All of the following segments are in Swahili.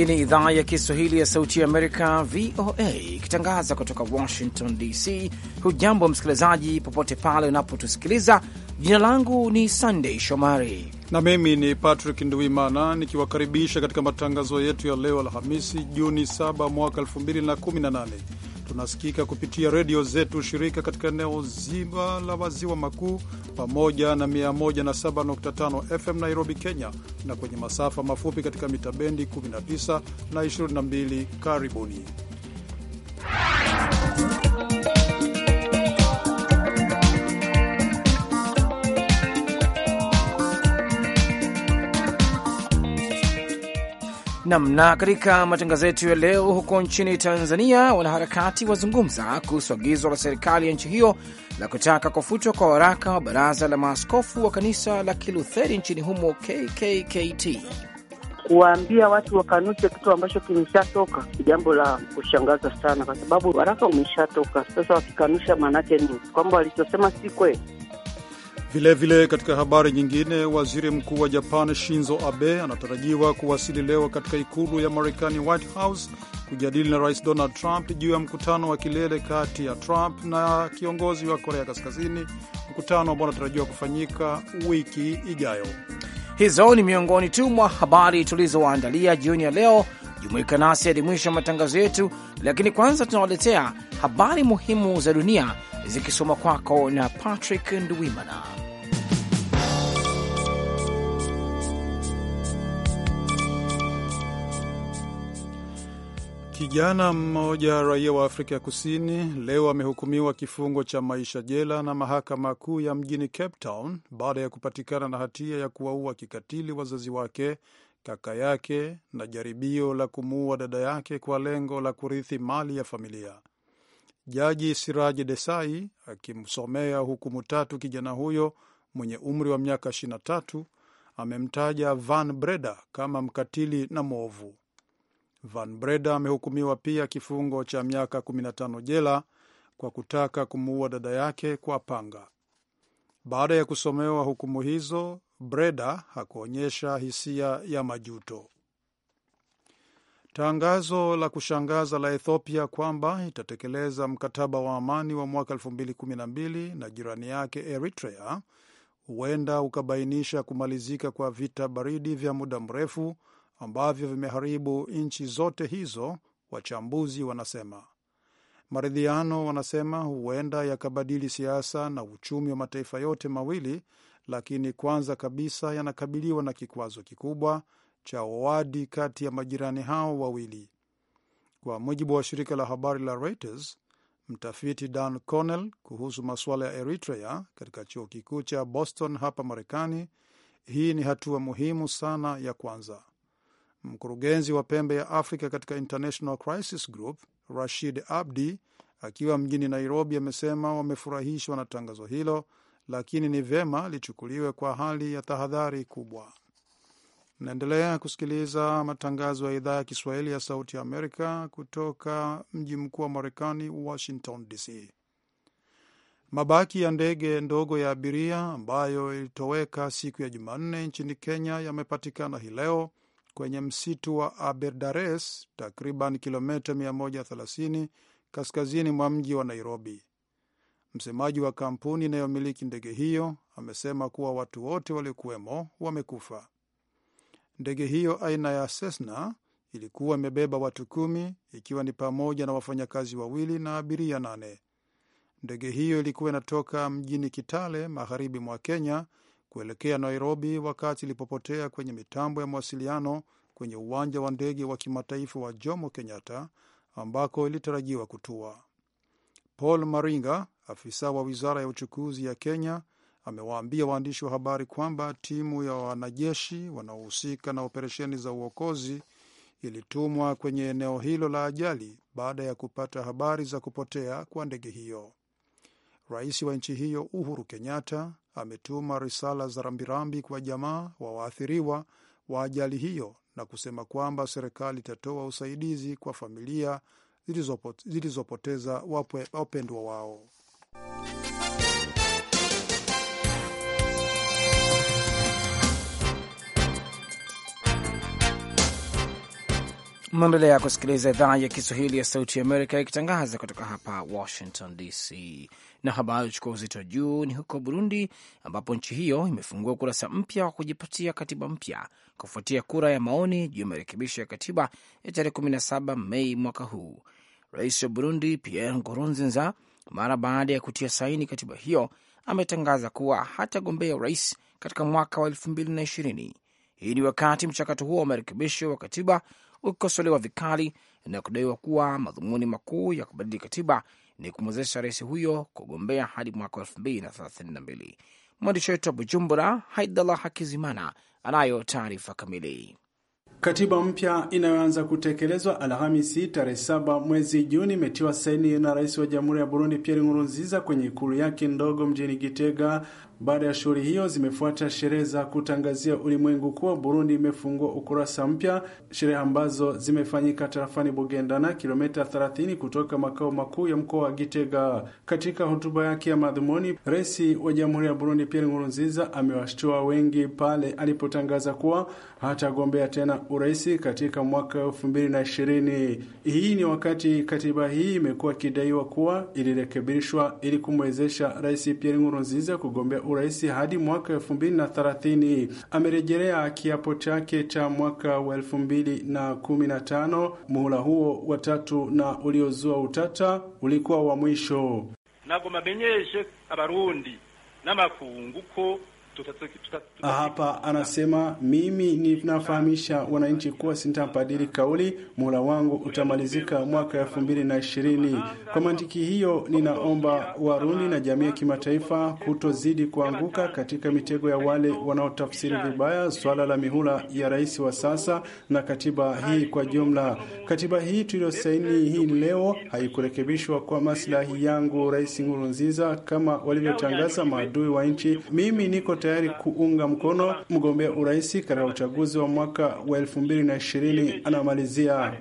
Hii ni idhaa ya Kiswahili ya Sauti ya Amerika, VOA, ikitangaza kutoka Washington DC. Hujambo msikilizaji, popote pale unapotusikiliza. Jina langu ni Sandey Shomari na mimi ni Patrick Nduimana, nikiwakaribisha katika matangazo yetu ya leo Alhamisi, Juni 7 mwaka 2018 Tunasikika kupitia redio zetu shirika katika eneo zima la maziwa makuu pamoja na 107.5 FM Nairobi, Kenya, na kwenye masafa mafupi katika mita bendi 19 na 22. Karibuni nam. Na katika matangazo yetu ya leo, huko nchini Tanzania, wanaharakati wazungumza kuhusu agizo la serikali ya nchi hiyo la kutaka kufutwa kwa waraka wa baraza la maaskofu wa kanisa la Kilutheri nchini humo KKKT. Kuwaambia watu wakanushe kitu ambacho kimeshatoka ni jambo la kushangaza sana, kwa sababu waraka umeshatoka. Sasa wakikanusha, maanake ni kwamba walichosema si kweli. Vilevile vile katika habari nyingine, waziri mkuu wa Japan Shinzo Abe anatarajiwa kuwasili leo katika ikulu ya Marekani, White House, kujadili na Rais Donald Trump juu ya mkutano wa kilele kati ya Trump na kiongozi wa Korea Kaskazini, mkutano ambao unatarajiwa kufanyika wiki ijayo. Hizo ni miongoni tu mwa habari tulizowaandalia jioni ya leo. Jumuika nasi hadi mwisho wa matangazo yetu, lakini kwanza tunawaletea habari muhimu za dunia zikisoma kwako na Patrick Nduwimana. Kijana mmoja raia wa Afrika ya Kusini leo amehukumiwa kifungo cha maisha jela na mahakama kuu ya mjini Cape Town baada ya kupatikana na hatia ya kuwaua kikatili wazazi wake, kaka yake na jaribio la kumuua dada yake kwa lengo la kurithi mali ya familia. Jaji Siraji Desai akimsomea hukumu tatu kijana huyo mwenye umri wa miaka 23 amemtaja Van Breda kama mkatili na mwovu. Van Breda amehukumiwa pia kifungo cha miaka 15 jela kwa kutaka kumuua dada yake kwa panga. Baada ya kusomewa hukumu hizo, Breda hakuonyesha hisia ya majuto. Tangazo la kushangaza la Ethiopia kwamba itatekeleza mkataba wa amani wa mwaka 2012 na jirani yake Eritrea huenda ukabainisha kumalizika kwa vita baridi vya muda mrefu ambavyo vimeharibu nchi zote hizo, wachambuzi wanasema. Maridhiano, wanasema, huenda yakabadili siasa na uchumi wa mataifa yote mawili, lakini kwanza kabisa yanakabiliwa na kikwazo kikubwa cha uwadi kati ya majirani hao wawili. Kwa mujibu wa shirika la habari la Reuters, mtafiti Dan Connell kuhusu masuala ya Eritrea katika chuo kikuu cha Boston hapa Marekani, hii ni hatua muhimu sana ya kwanza. Mkurugenzi wa pembe ya Afrika katika International Crisis Group Rashid Abdi akiwa mjini Nairobi amesema wamefurahishwa na tangazo hilo, lakini ni vyema lichukuliwe kwa hali ya tahadhari kubwa. Naendelea kusikiliza matangazo ya idhaa ya Kiswahili ya Sauti ya Amerika kutoka mji mkuu wa Marekani, Washington DC. Mabaki ya ndege ndogo ya abiria ambayo ilitoweka siku ya Jumanne nchini Kenya yamepatikana hii leo kwenye msitu wa Aberdares, takriban kilomita 130 kaskazini mwa mji wa Nairobi. Msemaji wa kampuni inayomiliki ndege hiyo amesema kuwa watu wote waliokuwemo wamekufa. Ndege hiyo aina ya Cessna ilikuwa imebeba watu kumi ikiwa ni pamoja na wafanyakazi wawili na abiria nane. Ndege hiyo ilikuwa inatoka mjini Kitale, magharibi mwa Kenya, kuelekea Nairobi wakati ilipopotea kwenye mitambo ya mawasiliano kwenye uwanja wa ndege wa kimataifa wa Jomo Kenyatta ambako ilitarajiwa kutua. Paul Maringa, afisa wa wizara ya uchukuzi ya Kenya, amewaambia waandishi wa habari kwamba timu ya wanajeshi wanaohusika na operesheni za uokozi ilitumwa kwenye eneo hilo la ajali baada ya kupata habari za kupotea kwa ndege hiyo. Rais wa nchi hiyo Uhuru Kenyatta ametuma risala za rambirambi kwa jamaa wa waathiriwa wa ajali hiyo na kusema kwamba serikali itatoa usaidizi kwa familia zilizopoteza wapendwa wao. Mnaendelea kusikiliza idhaa ya Kiswahili ya Sauti ya Amerika ikitangaza kutoka hapa Washington DC. Na habari uchukua uzito juu ni huko Burundi, ambapo nchi hiyo imefungua ukurasa mpya wa kujipatia katiba mpya kufuatia kura ya maoni juu ya marekebisho ya katiba ya tarehe 17 Mei mwaka huu. Rais wa Burundi Pierre Nkurunziza, mara baada ya kutia saini katiba hiyo, ametangaza kuwa hatagombea urais katika mwaka wa elfu mbili na ishirini. Hii ni wakati mchakato huo wa marekebisho wa katiba ukikosolewa vikali na kudaiwa kuwa madhumuni makuu ya kubadili katiba ni kumwezesha rais huyo kugombea hadi mwaka elfu mbili na thelathini na mbili. Mwandishi wetu wa Bujumbura, Haidallah Hakizimana, anayo taarifa kamili. Katiba mpya inayoanza kutekelezwa Alhamisi tarehe saba mwezi Juni imetiwa saini na rais wa jamhuri ya Burundi Pierre Nkurunziza kwenye ikulu yake ndogo mjini Gitega, baada ya shughuli hiyo zimefuata sherehe za kutangazia ulimwengu kuwa Burundi imefungua ukurasa mpya, sherehe ambazo zimefanyika tarafani Bugendana, kilomita 30 kutoka makao makuu ya mkoa wa Gitega. Katika hotuba yake ya madhumuni, Rais wa Jamhuri ya Burundi Pierre Nkurunziza amewashtua wengi pale alipotangaza kuwa hatagombea tena urais katika mwaka na ishirini Hii ni wakati katiba hii imekuwa ikidaiwa kuwa ilirekebishwa ili kumwezesha Rais Pierre Nkurunziza kugombea urais hadi mwaka thelathini. Amerejelea kiapo chake cha mwaka wa elfu mbili na na kumi tano Muhula huo watatu na uliozua utata ulikuwa wa mwisho. nago abarundi n'amakungu ko hapa anasema, mimi ninafahamisha wananchi kuwa sintabadili kauli, muhula wangu utamalizika mwaka elfu mbili na ishirini. Kwa mantiki hiyo, ninaomba Warundi na jamii ya kimataifa kutozidi kuanguka katika mitego ya wale wanaotafsiri vibaya swala la mihula ya rais wa sasa na katiba hii kwa jumla. Katiba hii tuliyosaini hii leo haikurekebishwa kwa maslahi yangu, Rais Nkurunziza, kama walivyotangaza maadui wa nchi. Mimi niko tayari kuunga mkono mgombea urais katika uchaguzi wa mwaka wa elfu mbili na ishirini. Anamalizia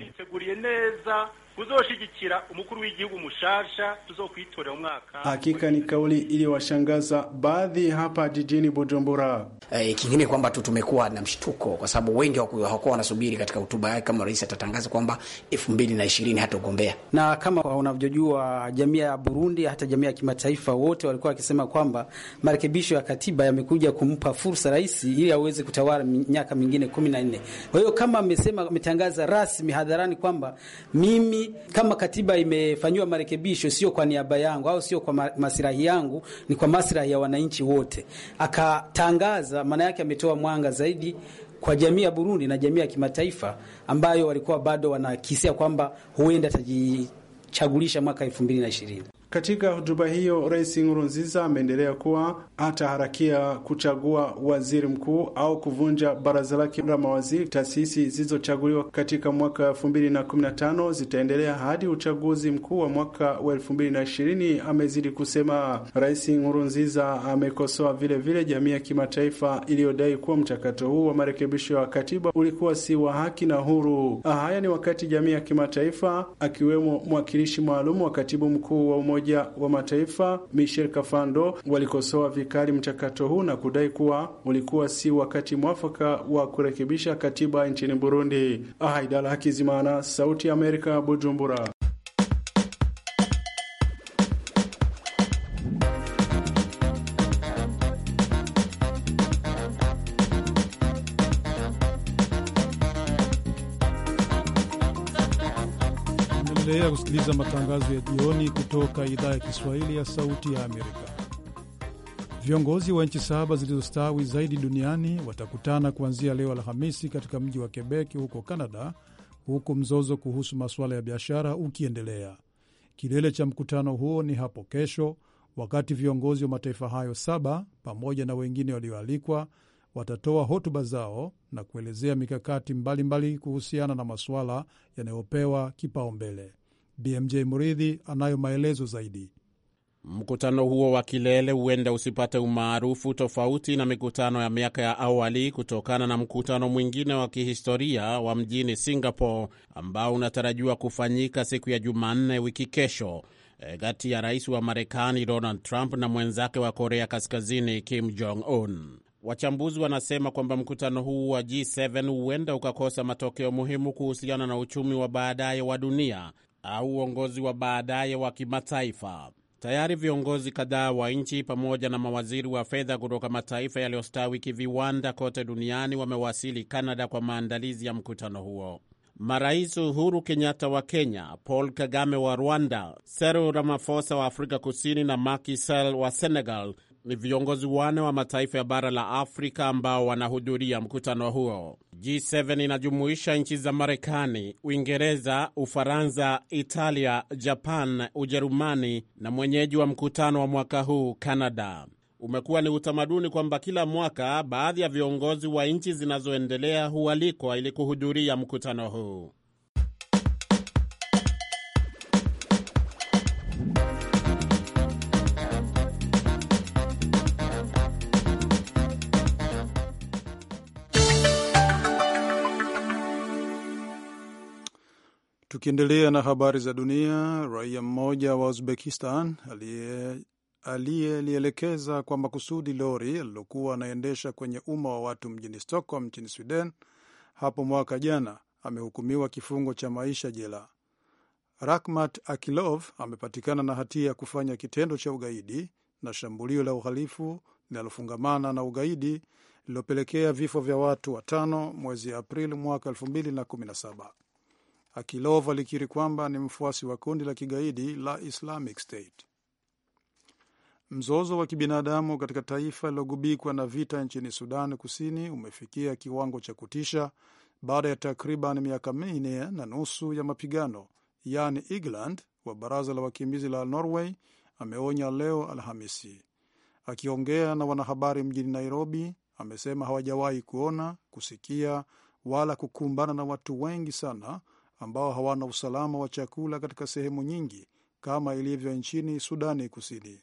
hakika ni kauli iliyowashangaza baadhi hapa jijini Bujumbura. E, kingine kwamba tu tumekuwa na mshtuko kwa sababu wengi hawakuwa wanasubiri katika hotuba yake kama rais atatangaza kwamba 2020 hatagombea. Na kama unavyojua jamii ya Burundi, hata jamii ya kimataifa, wote walikuwa wakisema kwamba marekebisho ya katiba yamekuja kumpa fursa rais ili aweze kutawala miaka mingine 14. Kwa hiyo kama amesema, ametangaza rasmi hadharani kwamba mimi kama katiba imefanyiwa marekebisho, sio kwa niaba yangu au sio kwa maslahi yangu, ni kwa maslahi ya wananchi wote, akatangaza maana yake ametoa mwanga zaidi kwa jamii ya Burundi na jamii ya kimataifa ambayo walikuwa bado wanakisia kwamba huenda atajichagulisha mwaka 2020. Katika hotuba hiyo, Rais Nkurunziza ameendelea kuwa ataharakia kuchagua waziri mkuu au kuvunja baraza lake la mawaziri. Taasisi zilizochaguliwa katika mwaka tano zitaendelea hadi uchaguzi mkuu wa mwaka wa ishirini. amezidi kusema. Rais Nkurunziza amekosoa vilevile jamii ya kimataifa iliyodai kuwa mchakato huu wa marekebisho ya katiba ulikuwa si wa haki na huru. Ah, haya ni wakati jamii ya kimataifa akiwemo mwakilishi maalum wa katibu mkuu wa Umoja Umoja wa Mataifa Michel Kafando walikosoa vikali mchakato huu na kudai kuwa ulikuwa si wakati mwafaka wa kurekebisha katiba nchini Burundi. Haidala Hakizimana, Sauti ya Amerika, Bujumbura. Unaendelea kusikiliza matangazo ya jioni kutoka idhaa ya Kiswahili ya Sauti ya Amerika. Viongozi wa nchi saba zilizostawi zaidi duniani watakutana kuanzia leo Alhamisi katika mji wa Quebec huko Canada, huku mzozo kuhusu masuala ya biashara ukiendelea. Kilele cha mkutano huo ni hapo kesho, wakati viongozi wa mataifa hayo saba pamoja na wengine walioalikwa watatoa hotuba zao na kuelezea mikakati mbalimbali mbali kuhusiana na masuala yanayopewa kipaumbele. BMJ Muridhi anayo maelezo zaidi. Mkutano huo wa kilele huenda usipate umaarufu tofauti na mikutano ya miaka ya awali kutokana na mkutano mwingine wa kihistoria wa mjini Singapore ambao unatarajiwa kufanyika siku ya Jumanne wiki kesho eh, kati ya rais wa Marekani Donald Trump na mwenzake wa Korea Kaskazini Kim Jong Un. Wachambuzi wanasema kwamba mkutano huu wa G7 huenda ukakosa matokeo muhimu kuhusiana na uchumi wa baadaye wa dunia au uongozi wa baadaye wa kimataifa. Tayari viongozi kadhaa wa nchi pamoja na mawaziri wa fedha kutoka mataifa yaliyostawi kiviwanda kote duniani wamewasili Kanada kwa maandalizi ya mkutano huo. Marais Uhuru Kenyatta wa Kenya, Paul Kagame wa Rwanda, Cyril Ramaphosa wa Afrika Kusini na Macky Sall wa Senegal ni viongozi wane wa mataifa ya bara la Afrika ambao wanahudhuria mkutano huo. G7 inajumuisha nchi za Marekani, Uingereza, Ufaransa, Italia, Japan, Ujerumani na mwenyeji wa mkutano wa mwaka huu canada Umekuwa ni utamaduni kwamba kila mwaka baadhi ya viongozi wa nchi zinazoendelea hualikwa ili kuhudhuria mkutano huu. Tukiendelea na habari za dunia, raia mmoja wa Uzbekistan aliyelielekeza kwa makusudi lori alilokuwa anaendesha kwenye umma wa watu mjini Stockholm nchini Sweden hapo mwaka jana amehukumiwa kifungo cha maisha jela. rakmat Akilov amepatikana na hatia ya kufanya kitendo cha ugaidi na shambulio la uhalifu linalofungamana na ugaidi lililopelekea vifo vya watu watano mwezi Aprili mwaka 217 Akilov alikiri kwamba ni mfuasi wa kundi la kigaidi la Islamic State. Mzozo wa kibinadamu katika taifa lilogubikwa na vita nchini Sudan Kusini umefikia kiwango cha kutisha baada ya takriban miaka minne na nusu ya mapigano. Yani Egeland wa baraza la wakimbizi la Norway ameonya leo Alhamisi. Akiongea na wanahabari mjini Nairobi, amesema hawajawahi kuona, kusikia wala kukumbana na watu wengi sana ambao hawana usalama wa chakula katika sehemu nyingi kama ilivyo nchini Sudani Kusini.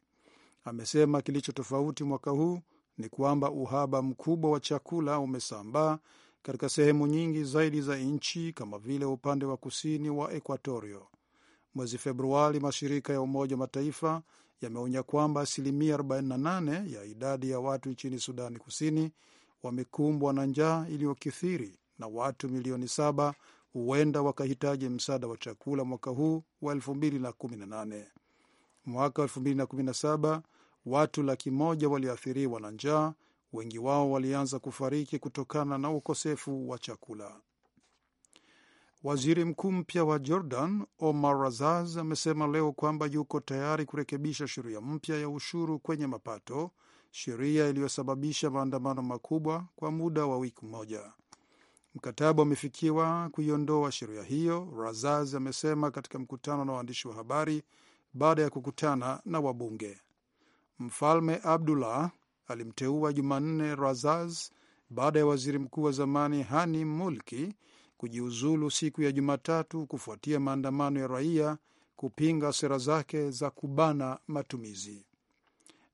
Amesema kilicho tofauti mwaka huu ni kwamba uhaba mkubwa wa chakula umesambaa katika sehemu nyingi zaidi za nchi kama vile upande wa kusini wa Ekuatorio. Mwezi Februari, mashirika ya Umoja wa Mataifa yameonya kwamba asilimia 48 ya idadi ya watu nchini Sudani Kusini wamekumbwa na njaa iliyokithiri na watu milioni saba huenda wakahitaji msaada wa chakula mwaka huu wa 2018. Mwaka 2017 watu laki moja waliathiriwa na njaa, wengi wao walianza kufariki kutokana na ukosefu wa chakula. Waziri mkuu mpya wa Jordan Omar Razaz amesema leo kwamba yuko tayari kurekebisha sheria mpya ya ushuru kwenye mapato, sheria iliyosababisha maandamano makubwa kwa muda wa wiki moja. Mkataba umefikiwa kuiondoa sheria hiyo, Razaz amesema katika mkutano na waandishi wa habari baada ya kukutana na wabunge. Mfalme Abdullah alimteua Jumanne Razaz baada ya waziri mkuu wa zamani Hani Mulki kujiuzulu siku ya Jumatatu kufuatia maandamano ya raia kupinga sera zake za kubana matumizi.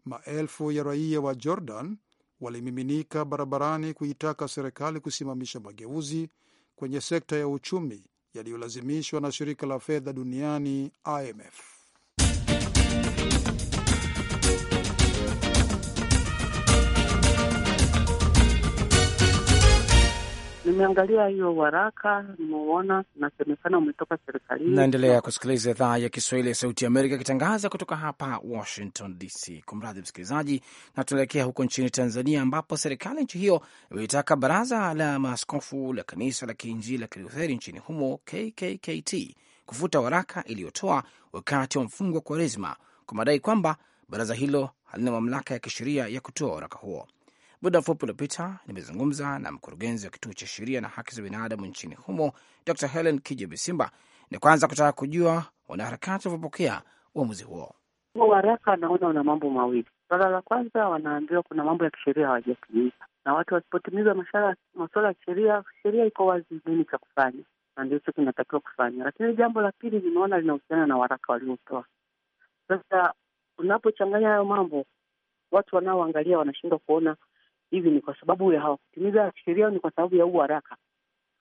Maelfu ya raia wa Jordan walimiminika barabarani kuitaka serikali kusimamisha mageuzi kwenye sekta ya uchumi yaliyolazimishwa na shirika la fedha duniani IMF. Nimeangalia hiyo waraka, nimeuona, unasemekana umetoka serikalini. Naendelea kusikiliza idhaa ya Kiswahili ya Sauti ya Amerika ikitangaza kutoka hapa Washington DC. Kumradhi msikilizaji, na tunaelekea huko nchini Tanzania ambapo serikali nchi hiyo imeitaka baraza la maaskofu la kanisa la Kiinjili la Kilutheri nchini humo KKKT kufuta waraka iliyotoa wakati wa mfungo wa Kwaresma kwa madai kwamba baraza hilo halina mamlaka ya kisheria ya kutoa waraka huo. Muda mfupi uliopita nimezungumza na mkurugenzi wa kituo cha sheria na haki za binadamu nchini humo Dr Helen kija Bisimba, ni kwanza kutaka kujua wanaharakati walivyopokea uamuzi huo. Huo waraka anaona una mambo mawili. Swala la kwanza, wanaambiwa kuna mambo ya kisheria hawajatimiza, na watu wasipotimiza masuala ya kisheria, sheria iko wazi nini cha kufanya, na ndio hicho kinatakiwa kufanya. Lakini jambo la pili nimeona linahusiana na waraka waliotoa. Sasa unapochanganya hayo mambo, watu wanaoangalia wanashindwa kuona hivi ni kwa sababu ya hawakutimiza sheria ni kwa sababu ya huu haraka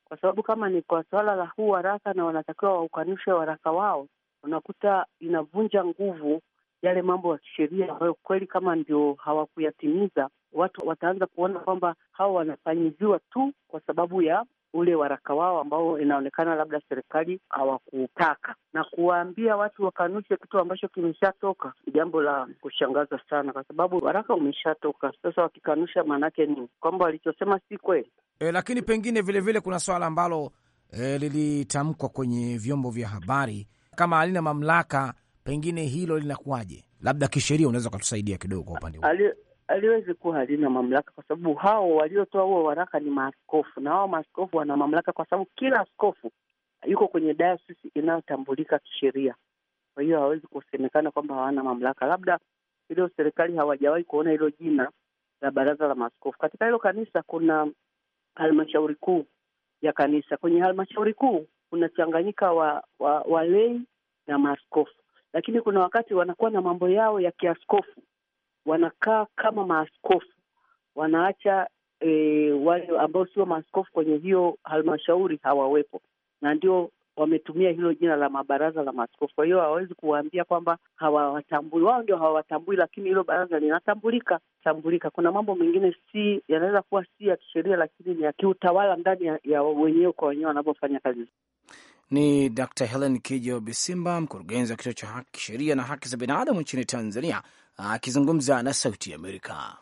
Kwa sababu kama ni kwa suala la huu haraka na wanatakiwa waukanishe waraka wao, unakuta inavunja nguvu yale mambo ya kisheria ambayo kweli kama ndio hawakuyatimiza, watu wataanza kuona kwamba hawa wanafanyiziwa tu kwa sababu ya ule waraka wao ambao inaonekana labda serikali hawakutaka, na kuwaambia watu wakanushe kitu ambacho kimeshatoka, jambo la kushangaza sana, kwa sababu waraka umeshatoka. Sasa wakikanusha, maanake ni kwamba walichosema si kweli. E, lakini pengine vilevile vile kuna swala ambalo e, lilitamkwa kwenye vyombo vya habari kama halina mamlaka, pengine hilo linakuwaje? Labda kisheria unaweza ukatusaidia kidogo kwa upande aliwezi kuwa halina mamlaka, kwa sababu hao waliotoa huo waraka ni maaskofu, na hao maaskofu wana mamlaka, kwa sababu kila askofu yuko kwenye dayosisi inayotambulika kisheria. Kwa hiyo hawezi kusemekana kwamba hawana mamlaka, labda ilo serikali hawajawahi kuona hilo jina la baraza la maaskofu. Katika hilo kanisa kuna halmashauri kuu ya kanisa. Kwenye halmashauri kuu kunachanganyika wa, wa walei na maaskofu, lakini kuna wakati wanakuwa na mambo yao ya kiaskofu wanakaa kama maaskofu, wanaacha e, wale ambao sio maaskofu kwenye hiyo halmashauri hawawepo, na ndio wametumia hilo jina la mabaraza la maaskofu. Kwa hiyo hawawezi kuwaambia kwamba hawawatambui, wao ndio hawawatambui, lakini hilo baraza linatambulika tambulika. Kuna mambo mengine si yanaweza kuwa si ya kisheria, lakini ni ya kiutawala ndani ya, ya wenyewe kwa wenyewe wanavyofanya kazi. Ni Dr. Helen Kijo Bisimba, mkurugenzi wa kituo cha haki, sheria na haki za binadamu nchini Tanzania, akizungumza na Sauti ya Amerika.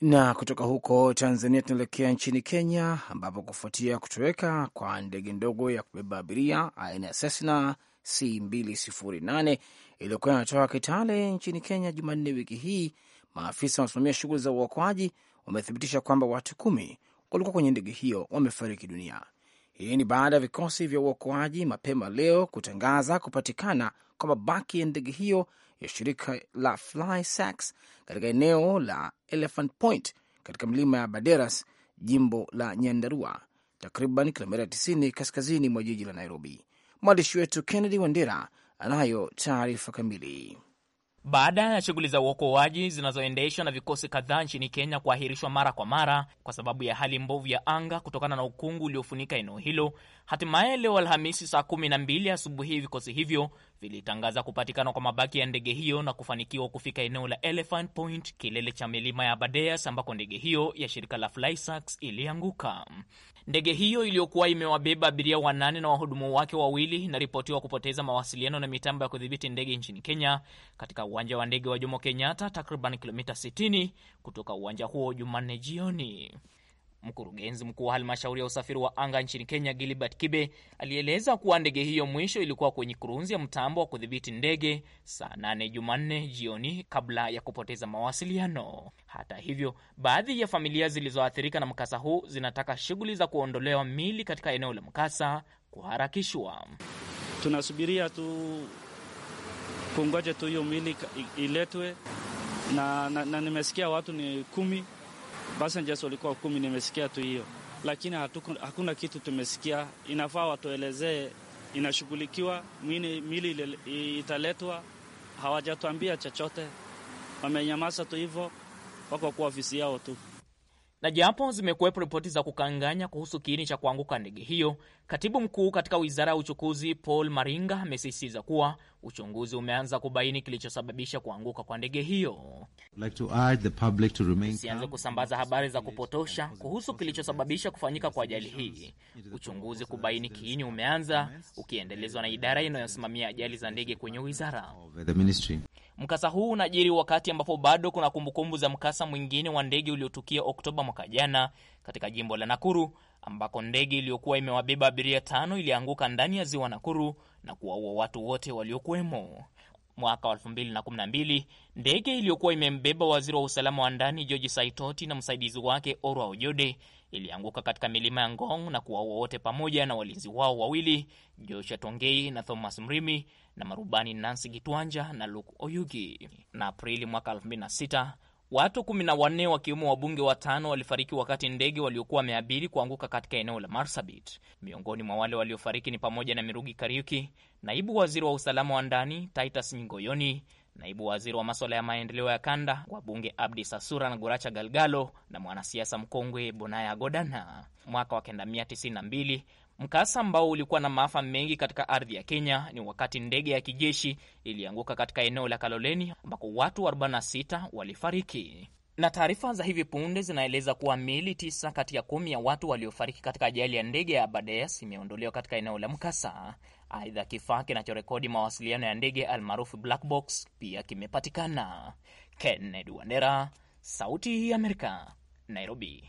Na kutoka huko Tanzania tunaelekea nchini Kenya, ambapo kufuatia kutoweka kwa ndege ndogo ya kubeba abiria aina ya Cessna C208 iliyokuwa inatoka Kitale nchini Kenya Jumanne wiki hii, maafisa wanasimamia shughuli za uokoaji wamethibitisha kwamba watu kumi walikuwa kwenye ndege hiyo wamefariki dunia. Hii ni baada ya vikosi vya uokoaji mapema leo kutangaza kupatikana kwa mabaki ya ndege hiyo ya shirika la FlySax katika eneo la Elephant Point katika milima ya Baderas, jimbo la Nyandarua, takriban kilomita 90 kaskazini mwa jiji la Nairobi. Mwandishi wetu Kennedy Wandera anayo taarifa kamili. Baada ya shughuli za uokoaji zinazoendeshwa na vikosi kadhaa nchini Kenya kuahirishwa mara kwa mara kwa sababu ya hali mbovu ya anga kutokana na ukungu uliofunika eneo hilo, hatimaye leo Alhamisi saa kumi na mbili asubuhi vikosi hivyo vilitangaza kupatikana kwa mabaki ya ndege hiyo na kufanikiwa kufika eneo la Elephant Point, kilele cha milima ya Aberdares ambako ndege hiyo ya shirika la FlySax ilianguka. Ndege hiyo iliyokuwa imewabeba abiria wanane na wahudumu wake wawili inaripotiwa kupoteza mawasiliano na mitambo ya kudhibiti ndege nchini Kenya katika uwanja wa ndege wa Jomo Kenyatta, takriban kilomita 60 kutoka uwanja huo Jumanne jioni. Mkurugenzi mkuu wa halmashauri ya usafiri wa anga nchini Kenya, Gilbert Kibe, alieleza kuwa ndege hiyo mwisho ilikuwa kwenye kurunzi ya mtambo wa kudhibiti ndege saa nane Jumanne jioni kabla ya kupoteza mawasiliano. Hata hivyo, baadhi ya familia zilizoathirika na mkasa huu zinataka shughuli za kuondolewa mili katika eneo la mkasa kuharakishwa. Tunasubiria tu kungoja tu hiyo mili iletwe na, na, na nimesikia watu ni kumi passengers walikuwa kumi, nimesikia tu hiyo, lakini hatuku, hakuna kitu tumesikia. Inafaa watuelezee inashughulikiwa, mili italetwa. Hawajatuambia chochote, wamenyamaza tu hivyo, wako kwa ofisi yao tu. Na japo zimekuwepo ripoti za kukanganya kuhusu kiini cha kuanguka ndege hiyo, katibu mkuu katika wizara ya uchukuzi Paul Maringa amesisitiza kuwa uchunguzi umeanza kubaini kilichosababisha kuanguka kwa ndege hiyo. Usianze kusambaza habari za kupotosha kuhusu kilichosababisha kufanyika kwa ajali hii. Uchunguzi kubaini kiini umeanza ukiendelezwa na idara inayosimamia ajali za ndege kwenye wizara. Mkasa huu unajiri wakati ambapo bado kuna kumbukumbu za mkasa mwingine wa ndege uliotukia Oktoba mwaka jana katika jimbo la Nakuru ambako ndege iliyokuwa imewabeba abiria tano ilianguka ndani ya ziwa Nakuru na kuwaua watu wote waliokuwemo. Mwaka wa 2012 ndege iliyokuwa imembeba waziri wa usalama wa ndani George Saitoti na msaidizi wake Orwa Ojode ilianguka katika milima ya Ngong na kuwaua wote pamoja na walinzi wao wawili Joshua Tongei na Thomas Mrimi na marubani Nancy Gitwanja na Luke Oyugi. Na Aprili mwaka Watu kumi na wanne wakiwemo wabunge watano walifariki wakati ndege waliokuwa wameabiri kuanguka katika eneo la Marsabit. Miongoni mwa wale waliofariki ni pamoja na Mirugi Kariuki, naibu waziri wa usalama wa ndani, Titus nyingoyoni naibu waziri wa maswala ya maendeleo ya kanda, wabunge Abdi Sasura na Guracha Galgalo na mwanasiasa mkongwe Bonaya Godana. Mwaka wa 1992 Mkasa ambao ulikuwa na maafa mengi katika ardhi ya Kenya ni wakati ndege ya kijeshi ilianguka katika eneo la Kaloleni ambako watu 46 walifariki na taarifa za hivi punde zinaeleza kuwa miili tisa kati ya kumi ya watu waliofariki katika ajali ya ndege ya Abadeas imeondolewa katika eneo la mkasa. Aidha, kifaa kinachorekodi mawasiliano ya ndege almaarufu black box pia kimepatikana. Kennedy Wandera, Sauti ya Amerika, Nairobi.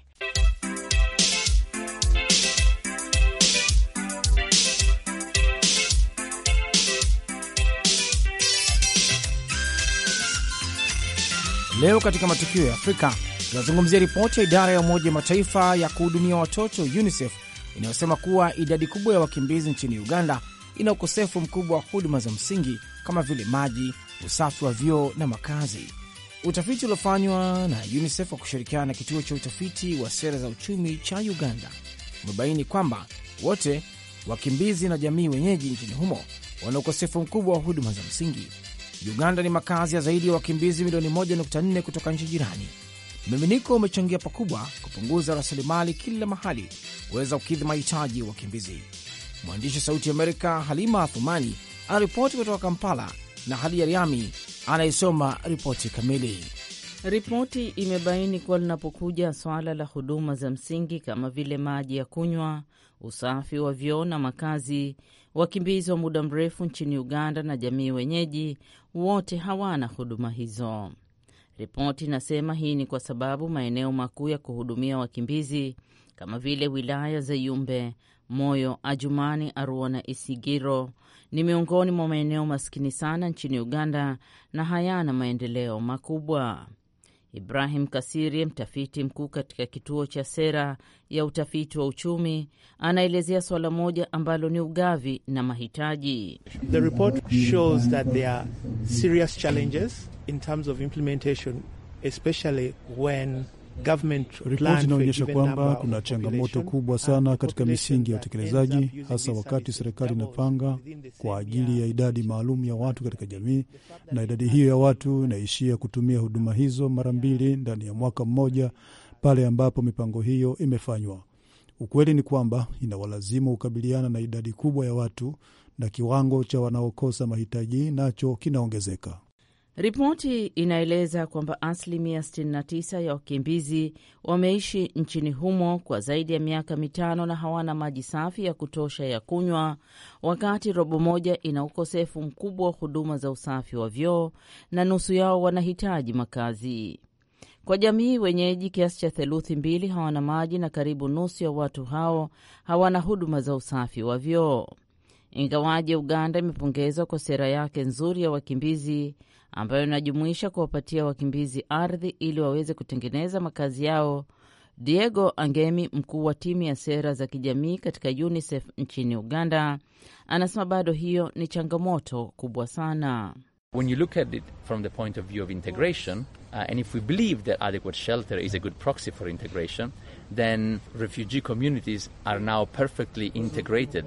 Leo katika matukio ya Afrika tunazungumzia ripoti ya idara ya Umoja wa Mataifa ya kuhudumia watoto UNICEF inayosema kuwa idadi kubwa ya wakimbizi nchini Uganda ina ukosefu mkubwa wa huduma za msingi kama vile maji, usafi wa vyoo na makazi. Utafiti uliofanywa na UNICEF wa kushirikiana na kituo cha utafiti wa sera za uchumi cha Uganda umebaini kwamba wote wakimbizi na jamii wenyeji nchini humo wana ukosefu mkubwa wa huduma za msingi Uganda ni makazi ya zaidi ya wakimbizi milioni 1.4 kutoka nchi jirani. Mmiminiko umechangia pakubwa kupunguza rasilimali kila mahali kuweza kukidhi mahitaji ya wakimbizi. Mwandishi wa Sauti Amerika Halima Athumani anaripoti kutoka Kampala na ya Riami anayesoma ripoti kamili. Ripoti imebaini kuwa linapokuja suala la huduma za msingi kama vile maji ya kunywa, usafi wa vyoo na makazi. Wakimbizi wa muda mrefu nchini Uganda na jamii wenyeji wote hawana huduma hizo. Ripoti inasema hii ni kwa sababu maeneo makuu ya kuhudumia wakimbizi kama vile wilaya za Yumbe, Moyo, Ajumani, Arua na Isigiro ni miongoni mwa maeneo maskini sana nchini Uganda na hayana maendeleo makubwa. Ibrahim Kasiri, mtafiti mkuu katika kituo cha sera ya utafiti wa uchumi, anaelezea suala moja ambalo ni ugavi na mahitaji. The report shows that there are serious challenges in terms of implementation especially when Ripoti inaonyesha kwamba kuna changamoto kubwa sana katika misingi ya utekelezaji, hasa wakati serikali inapanga kwa ajili ya idadi maalum ya watu katika jamii, na idadi hiyo ya watu inaishia kutumia huduma hizo mara mbili ndani ya mwaka mmoja pale ambapo mipango hiyo imefanywa. Ukweli ni kwamba inawalazimu kukabiliana na idadi kubwa ya watu na kiwango cha wanaokosa mahitaji nacho kinaongezeka. Ripoti inaeleza kwamba asilimia 69 ya wakimbizi wameishi nchini humo kwa zaidi ya miaka mitano na hawana maji safi ya kutosha ya kunywa, wakati robo moja ina ukosefu mkubwa wa huduma za usafi wa vyoo na nusu yao wanahitaji makazi. Kwa jamii wenyeji, kiasi cha theluthi mbili hawana maji na karibu nusu ya watu hao hawana huduma za usafi wa vyoo. Ingawaje Uganda imepongezwa kwa sera yake nzuri ya wakimbizi, ambayo inajumuisha kuwapatia wakimbizi ardhi ili waweze kutengeneza makazi yao. Diego Angemi, mkuu wa timu ya sera za kijamii katika UNICEF nchini Uganda, anasema bado hiyo ni changamoto kubwa sana. When you look at it from the point of view of integration, uh, and if we believe that adequate shelter is a good proxy for integration, then refugee communities are now perfectly integrated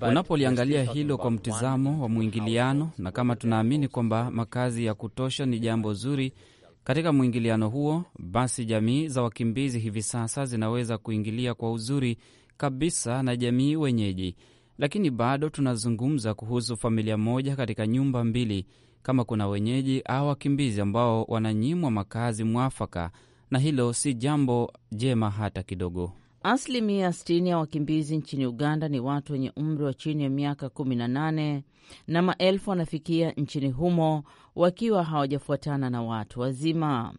Unapoliangalia hilo kwa mtizamo wa mwingiliano, na kama tunaamini kwamba makazi ya kutosha ni jambo zuri katika mwingiliano huo, basi jamii za wakimbizi hivi sasa zinaweza kuingilia kwa uzuri kabisa na jamii wenyeji, lakini bado tunazungumza kuhusu familia moja katika nyumba mbili, kama kuna wenyeji au wakimbizi ambao wananyimwa makazi mwafaka, na hilo si jambo jema hata kidogo. Asilimia 60 ya wakimbizi nchini Uganda ni watu wenye umri wa chini ya miaka 18 na maelfu wanafikia nchini humo wakiwa hawajafuatana na watu wazima.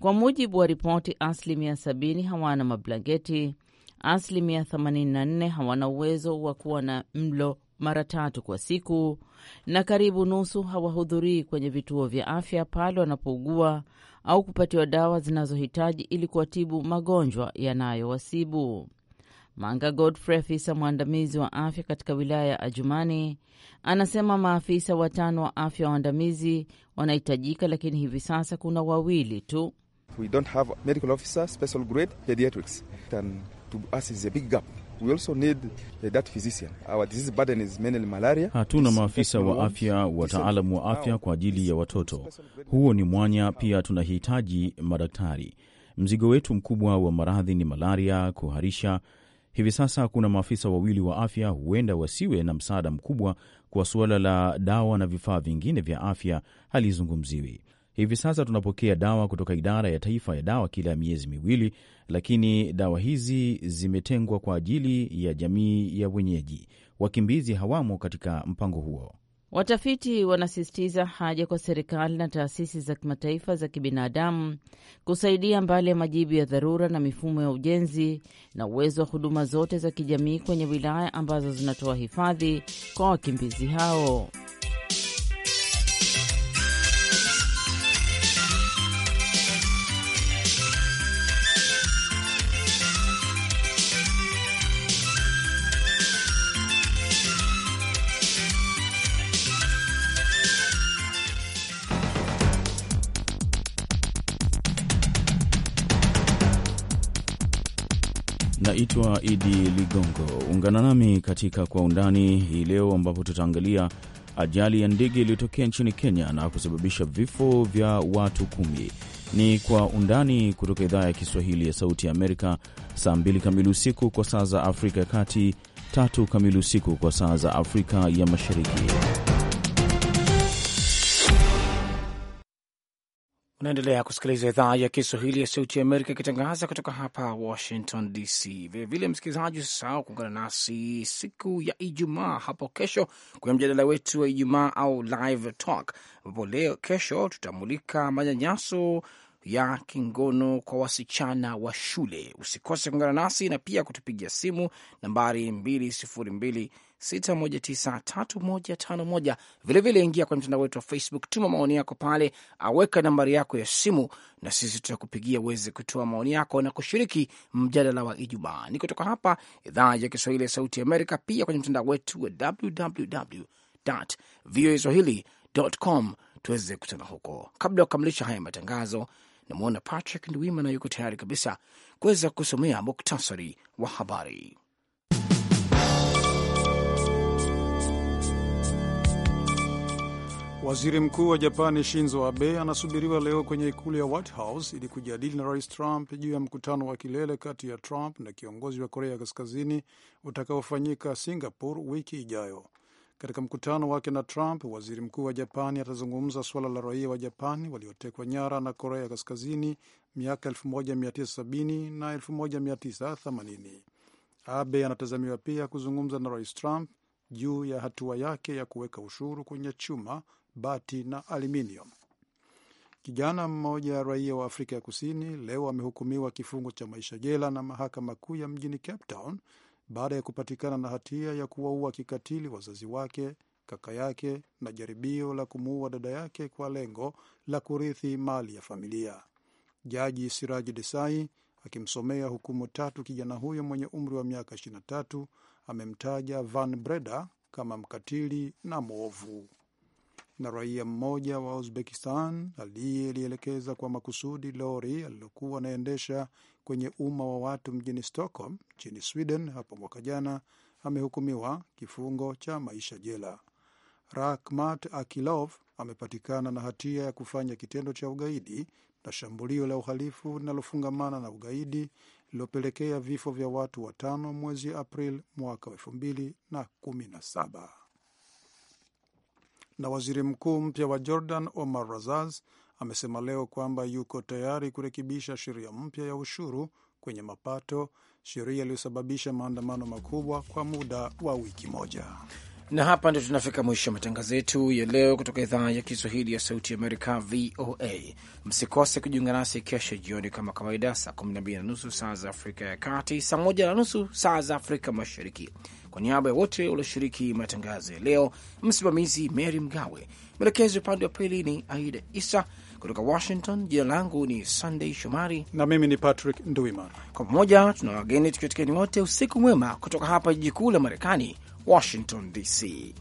Kwa mujibu wa ripoti, asilimia 70 hawana mablangeti, asilimia 84 hawana uwezo wa kuwa na mlo mara tatu kwa siku, na karibu nusu hawahudhurii kwenye vituo vya afya pale wanapougua au kupatiwa dawa zinazohitaji ili kuwatibu magonjwa yanayowasibu. Manga Godfrey, afisa mwandamizi wa afya katika wilaya ya Ajumani, anasema maafisa watano wa afya waandamizi wanahitajika, lakini hivi sasa kuna wawili tu. We don't have medical officer, special grade, pediatrics. And to us is a big gap. We also need uh, that physician. Our disease burden is mainly malaria. Hatuna maafisa wa afya, wataalamu wa afya kwa ajili ya watoto, huo ni mwanya. Pia tunahitaji madaktari. Mzigo wetu mkubwa wa maradhi ni malaria, kuharisha. Hivi sasa kuna maafisa wawili wa afya, huenda wasiwe na msaada mkubwa kwa suala la dawa na vifaa vingine vya afya halizungumziwi. Hivi sasa tunapokea dawa kutoka idara ya taifa ya dawa kila miezi miwili, lakini dawa hizi zimetengwa kwa ajili ya jamii ya wenyeji. Wakimbizi hawamo katika mpango huo. Watafiti wanasisitiza haja kwa serikali na taasisi za kimataifa za kibinadamu kusaidia, mbali ya majibu ya dharura na mifumo ya ujenzi na uwezo wa huduma zote za kijamii kwenye wilaya ambazo zinatoa hifadhi kwa wakimbizi hao. Naitwa Idi Ligongo. Ungana nami katika Kwa Undani hii leo, ambapo tutaangalia ajali ya ndege iliyotokea nchini Kenya na kusababisha vifo vya watu kumi. Ni Kwa Undani kutoka idhaa ya Kiswahili ya Sauti ya Amerika, saa 2 kamili usiku kwa saa za Afrika ya Kati, tatu kamili usiku kwa saa za Afrika ya Mashariki. Unaendelea kusikiliza idhaa ya Kiswahili ya Sauti ya Amerika ikitangaza kutoka hapa Washington DC. Vilevile msikilizaji, usisahau kuungana nasi siku ya Ijumaa hapo kesho kwenye mjadala wetu wa Ijumaa au Live Talk, ambapo leo kesho tutamulika manyanyaso ya kingono kwa wasichana wa shule. Usikose kuungana nasi na pia kutupigia simu nambari 22 6193151. Vilevile ingia kwenye mtandao wetu wa Facebook, tuma maoni yako pale, aweka nambari yako ya simu na sisi tutakupigia uweze kutoa maoni yako na kushiriki mjadala wa Ijumaa. Ni kutoka hapa idhaa ya Kiswahili ya Sauti Amerika, pia kwenye mtandao wetu wa www swahili.com, tuweze kutana huko. Kabla ya kukamilisha haya matangazo, namwona Patrick Ndwimana yuko tayari kabisa kuweza kusomea muktasari wa habari. Waziri Mkuu wa Japani Shinzo Abe anasubiriwa leo kwenye ikulu ya White House ili kujadili na Rais Trump juu ya mkutano wa kilele kati ya Trump na kiongozi wa Korea Kaskazini utakaofanyika Singapore wiki ijayo. Katika mkutano wake na Trump, waziri mkuu wa Japani atazungumza suala la raia wa Japani waliotekwa nyara na Korea Kaskazini miaka 1970 na 1980. Abe anatazamiwa pia kuzungumza na Rais Trump juu ya hatua yake ya kuweka ushuru kwenye chuma bati na aluminium. Kijana mmoja raia wa Afrika ya Kusini leo amehukumiwa kifungo cha maisha jela na mahakama kuu ya mjini Cape Town baada ya kupatikana na hatia ya kuwaua kikatili wazazi wake, kaka yake na jaribio la kumuua dada yake kwa lengo la kurithi mali ya familia. Jaji Siraji Desai akimsomea hukumu tatu kijana huyo mwenye umri wa miaka 23 amemtaja Van Breda kama mkatili na mwovu na raia mmoja wa Uzbekistan aliyelielekeza kwa makusudi lori alilokuwa anaendesha kwenye umma wa watu mjini Stockholm nchini Sweden hapo mwaka jana amehukumiwa kifungo cha maisha jela. rakmat Akilov amepatikana na hatia ya kufanya kitendo cha ugaidi na shambulio la uhalifu linalofungamana na ugaidi lililopelekea vifo vya watu watano mwezi april mwaka elfu mbili na kumi na saba na waziri mkuu mpya wa Jordan Omar Razaz amesema leo kwamba yuko tayari kurekebisha sheria mpya ya ushuru kwenye mapato, sheria iliyosababisha maandamano makubwa kwa muda wa wiki moja. Na hapa ndio tunafika mwisho matangazo yetu ya leo kutoka idhaa ya Kiswahili ya Sauti Amerika, VOA. Msikose kujiunga nasi kesho jioni kama kawaida, saa 12 na nusu saa za Afrika ya Kati, saa 1 na nusu saa za Afrika Mashariki. Kwa niaba ya wote walioshiriki matangazo ya leo, msimamizi Mary Mgawe, mwelekezi upande wa pili ni Aida Isa kutoka Washington. Jina langu ni Sunday Shomari na mimi ni Patrick Nduimana. Kwa pamoja tuna wageni tukiwatikeni wote usiku mwema kutoka hapa jiji kuu la Marekani, Washington DC.